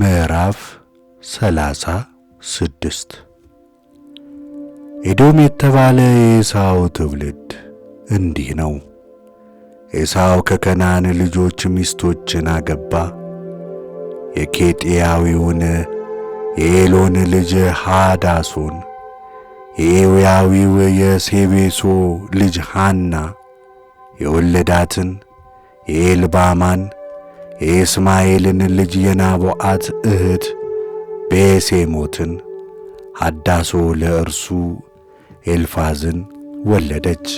ምዕራፍ ሰላሳ ስድስት ኤዶም የተባለ የኤሳው ትውልድ እንዲህ ነው። ኤሳው ከከናን ልጆች ሚስቶችን አገባ። የኬጢያዊውን የኤሎን ልጅ ሃዳሶን፣ የኤውያዊው የሴቤሶ ልጅ ሃና የወለዳትን የኤልባማን የእስማኤልን ልጅ የናቦአት እህት ቤሴሞትን አዳሶ ለእርሱ ኤልፋዝን ወለደች።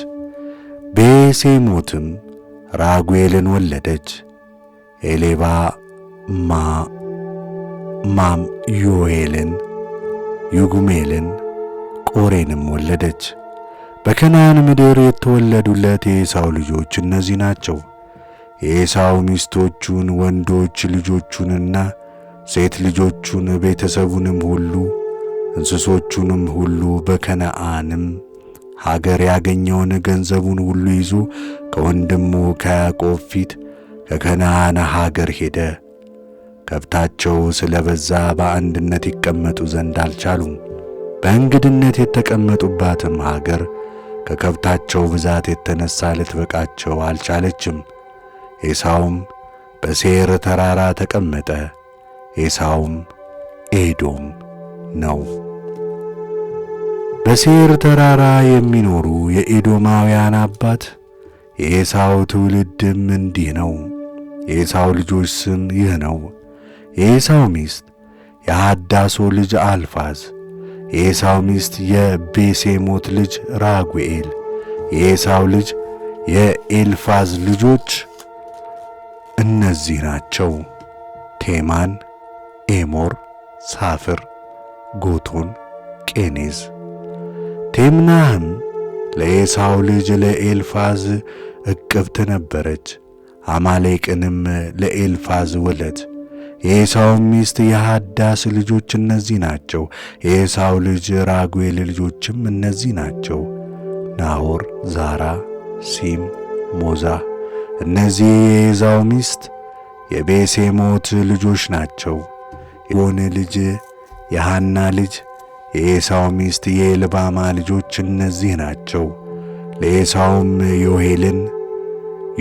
ቤሴሞትም ራጉኤልን ወለደች። ኤሌባ ማ ማም ዩኤልን፣ ዩጉሜልን፣ ቆሬንም ወለደች። በከናን ምድር የተወለዱለት የኤሳው ልጆች እነዚህ ናቸው። ኤሳው ሚስቶቹን፣ ወንዶች ልጆቹንና ሴት ልጆቹን ቤተሰቡንም ሁሉ እንስሶቹንም ሁሉ በከነአንም ሀገር ያገኘውን ገንዘቡን ሁሉ ይዞ ከወንድሙ ከያዕቆብ ፊት ከከነአን ሀገር ሄደ። ከብታቸው ስለ በዛ በአንድነት ይቀመጡ ዘንድ አልቻሉም። በእንግድነት የተቀመጡባትም ሀገር ከከብታቸው ብዛት የተነሳ ልትበቃቸው አልቻለችም። ኤሳውም በሴር ተራራ ተቀመጠ። ኤሳውም ኤዶም ነው። በሴር ተራራ የሚኖሩ የኤዶማውያን አባት የኤሳው ትውልድም እንዲህ ነው። የኤሳው ልጆች ስም ይህ ነው። የኤሳው ሚስት የአዳሶ ልጅ አልፋዝ፣ የኤሳው ሚስት የቤሴሞት ልጅ ራጉኤል፣ የኤሳው ልጅ የኤልፋዝ ልጆች እነዚህ ናቸው። ቴማን፣ ኤሞር፣ ሳፍር፣ ጎቶን፣ ቄኔዝ። ቴምናህም ለኤሳው ልጅ ለኤልፋዝ እቅብት ነበረች። አማሌቅንም ለኤልፋዝ ወለት የኤሳው ሚስት የሃዳስ ልጆች እነዚህ ናቸው። የኤሳው ልጅ ራጉኤል ልጆችም እነዚህ ናቸው፦ ናሆር፣ ዛራ፣ ሲም፣ ሞዛ እነዚህ የኤዛው ሚስት የቤሴሞት ልጆች ናቸው። የሆነ ልጅ የሐና ልጅ የኤሳው ሚስት የኤልባማ ልጆች እነዚህ ናቸው። ለኤሳውም ዮሄልን፣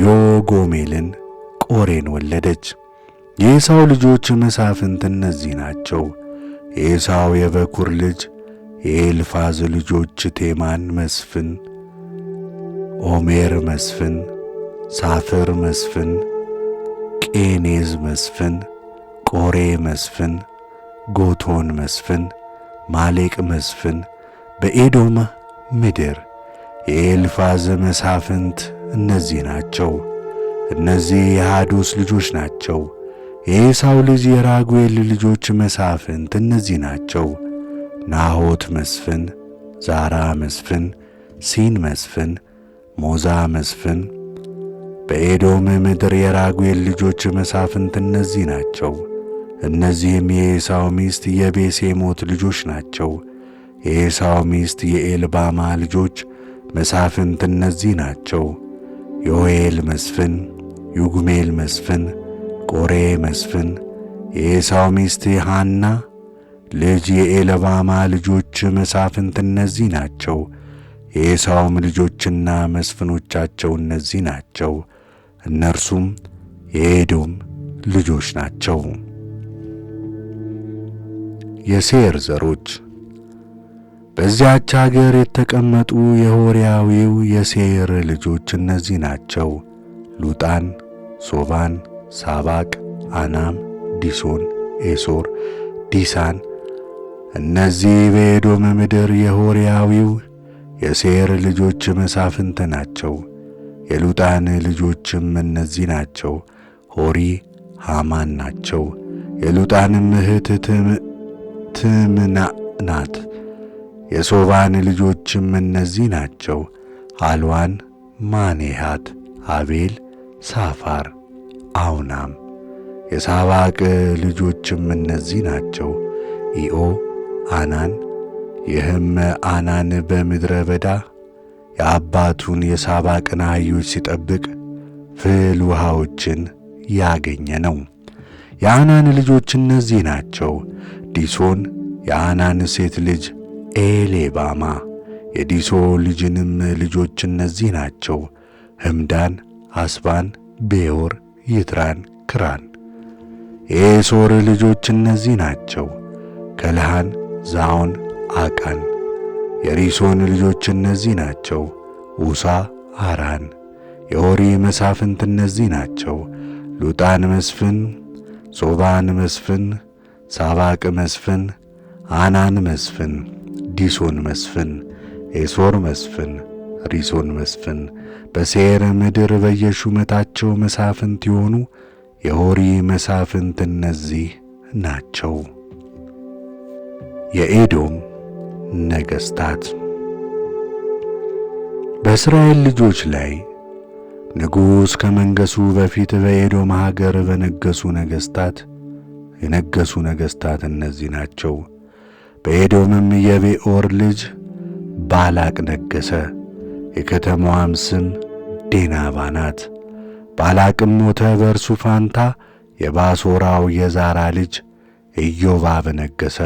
ዮጎሜልን፣ ቆሬን ወለደች። የዔሳው ልጆች መሳፍንት እነዚህ ናቸው። የኤሳው የበኩር ልጅ የኤልፋዝ ልጆች ቴማን መስፍን፣ ኦሜር መስፍን ሳፍር መስፍን፣ ቄኔዝ መስፍን፣ ቆሬ መስፍን፣ ጎቶን መስፍን፣ ማሌቅ መስፍን በኤዶም ምድር የኤልፋዝ መሳፍንት እነዚህ ናቸው። እነዚህ የሃዶስ ልጆች ናቸው። የኤሳው ልጅ የራጉኤል ልጆች መሳፍንት እነዚህ ናቸው። ናሆት መስፍን፣ ዛራ መስፍን፣ ሲን መስፍን፣ ሞዛ መስፍን በኤዶም ምድር የራጉኤል ልጆች መሳፍንት እነዚህ ናቸው። እነዚህም የኤሳው ሚስት የቤሴሞት ልጆች ናቸው። የኤሳው ሚስት የኤልባማ ልጆች መሳፍንት እነዚህ ናቸው። ዮኤል መስፍን፣ ዩጉሜል መስፍን፣ ቆሬ መስፍን፣ የኤሳው ሚስት የሃና ልጅ የኤልባማ ልጆች መሳፍንት እነዚህ ናቸው። የኤሳውም ልጆችና መስፍኖቻቸው እነዚህ ናቸው። እነርሱም የኤዶም ልጆች ናቸው። የሴር ዘሮች በዚያች አገር የተቀመጡ የሆሪያዊው የሴር ልጆች እነዚህ ናቸው። ሉጣን፣ ሶባን፣ ሳባቅ፣ አናም፣ ዲሶን፣ ኤሶር፣ ዲሳን። እነዚህ በኤዶም ምድር የሆሪያዊው የሴር ልጆች መሳፍንት ናቸው። የሉጣን ልጆችም እነዚህ ናቸው፣ ሆሪ ሃማን ናቸው። የሉጣንም እህት ትምና ናት። የሶባን ልጆችም እነዚህ ናቸው፣ አልዋን፣ ማኔሃት፣ አቤል፣ ሳፋር፣ አውናም። የሳባቅ ልጆችም እነዚህ ናቸው፣ ኢኦ፣ አናን። ይህም አናን በምድረ በዳ የአባቱን የሳባቅን አህዮች ሲጠብቅ ፍል ውሃዎችን ያገኘ ነው። የአናን ልጆች እነዚህ ናቸው፦ ዲሶን የአናን ሴት ልጅ ኤሌባማ። የዲሶ ልጅንም ልጆች እነዚህ ናቸው፦ ሕምዳን፣ አስባን፣ ቤዮር፣ ይትራን፣ ክራን። የኤሶር ልጆች እነዚህ ናቸው፦ ከልሃን፣ ዛውን፣ አቃን። የሪሶን ልጆች እነዚህ ናቸው። ኡሳ፣ አራን የሆሪ መሳፍንት እነዚህ ናቸው። ሉጣን መስፍን፣ ሶባን መስፍን፣ ሳባቅ መስፍን፣ አናን መስፍን፣ ዲሶን መስፍን፣ ኤሶር መስፍን፣ ሪሶን መስፍን በሴር ምድር በየሹመታቸው መሳፍንት የሆኑ የሆሪ መሳፍንት እነዚህ ናቸው። የኤዶም ነገሥታት በእስራኤል ልጆች ላይ ንጉሥ ከመንገሱ በፊት በኤዶም ሀገር በነገሱ ነገሥታት የነገሱ ነገሥታት እነዚህ ናቸው። በኤዶምም የቤኦር ልጅ ባላቅ ነገሰ የከተማዋም ስም ዴናባ ናት። ባላቅም ሞተ። በእርሱ ፋንታ የባሶራው የዛራ ልጅ ኢዮባብ ነገሰ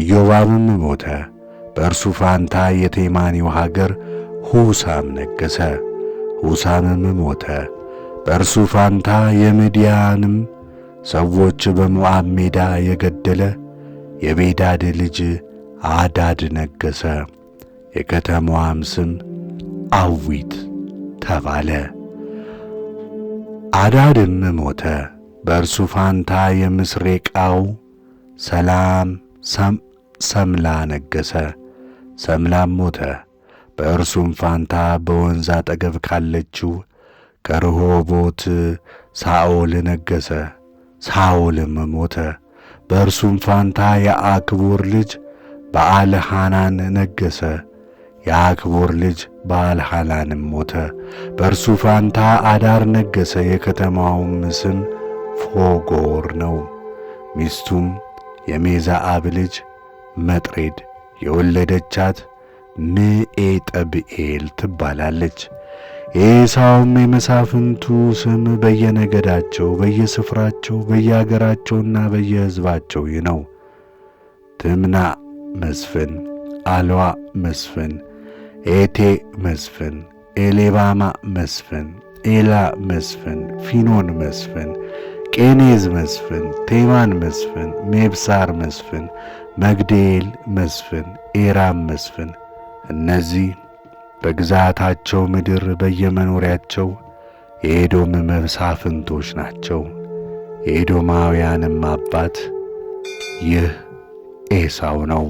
ኢዮባብም ሞተ። በእርሱ ፋንታ የቴማኒው ሀገር ሁሳም ነገሰ ሁሳምም ሞተ። በእርሱ ፋንታ የምድያንም ሰዎች በሞዓብ ሜዳ የገደለ የቤዳድ ልጅ አዳድ ነገሰ የከተማዋም ስም አዊት ተባለ። አዳድም ሞተ። በእርሱ ፋንታ የምስሬቃው ሰላም ሰምላ ነገሰ! ሰምላም ሞተ። በእርሱም ፋንታ በወንዝ አጠገብ ካለችው ከርሆቦት ሳኦል ነገሰ ሳኦልም ሞተ። በእርሱም ፋንታ የአክቡር ልጅ በአልሃናን ነገሰ የአክቡር ልጅ በአልሃናንም ሞተ። በእርሱ ፋንታ አዳር ነገሰ የከተማውም ስም ፎጎር ነው። ሚስቱም የሜዛአብ ልጅ መጥሬድ የወለደቻት ጠብኤል ትባላለች። ኤሳውም የመሳፍንቱ ስም በየነገዳቸው በየስፍራቸው በየአገራቸውና በየሕዝባቸው ይህ ነው። ትምና መስፍን፣ አልዋ መስፍን፣ ኤቴ መስፍን፣ ኤሌባማ መስፍን፣ ኤላ መስፍን፣ ፊኖን መስፍን፣ ቄኔዝ መስፍን፣ ቴማን መስፍን፣ ሜብሳር መስፍን መግደል መስፍን፣ ኤራም መስፍን እነዚህ በግዛታቸው ምድር በየመኖሪያቸው የኤዶም መሳፍንቶች ናቸው። የኤዶማውያንም አባት ይህ ኤሳው ነው።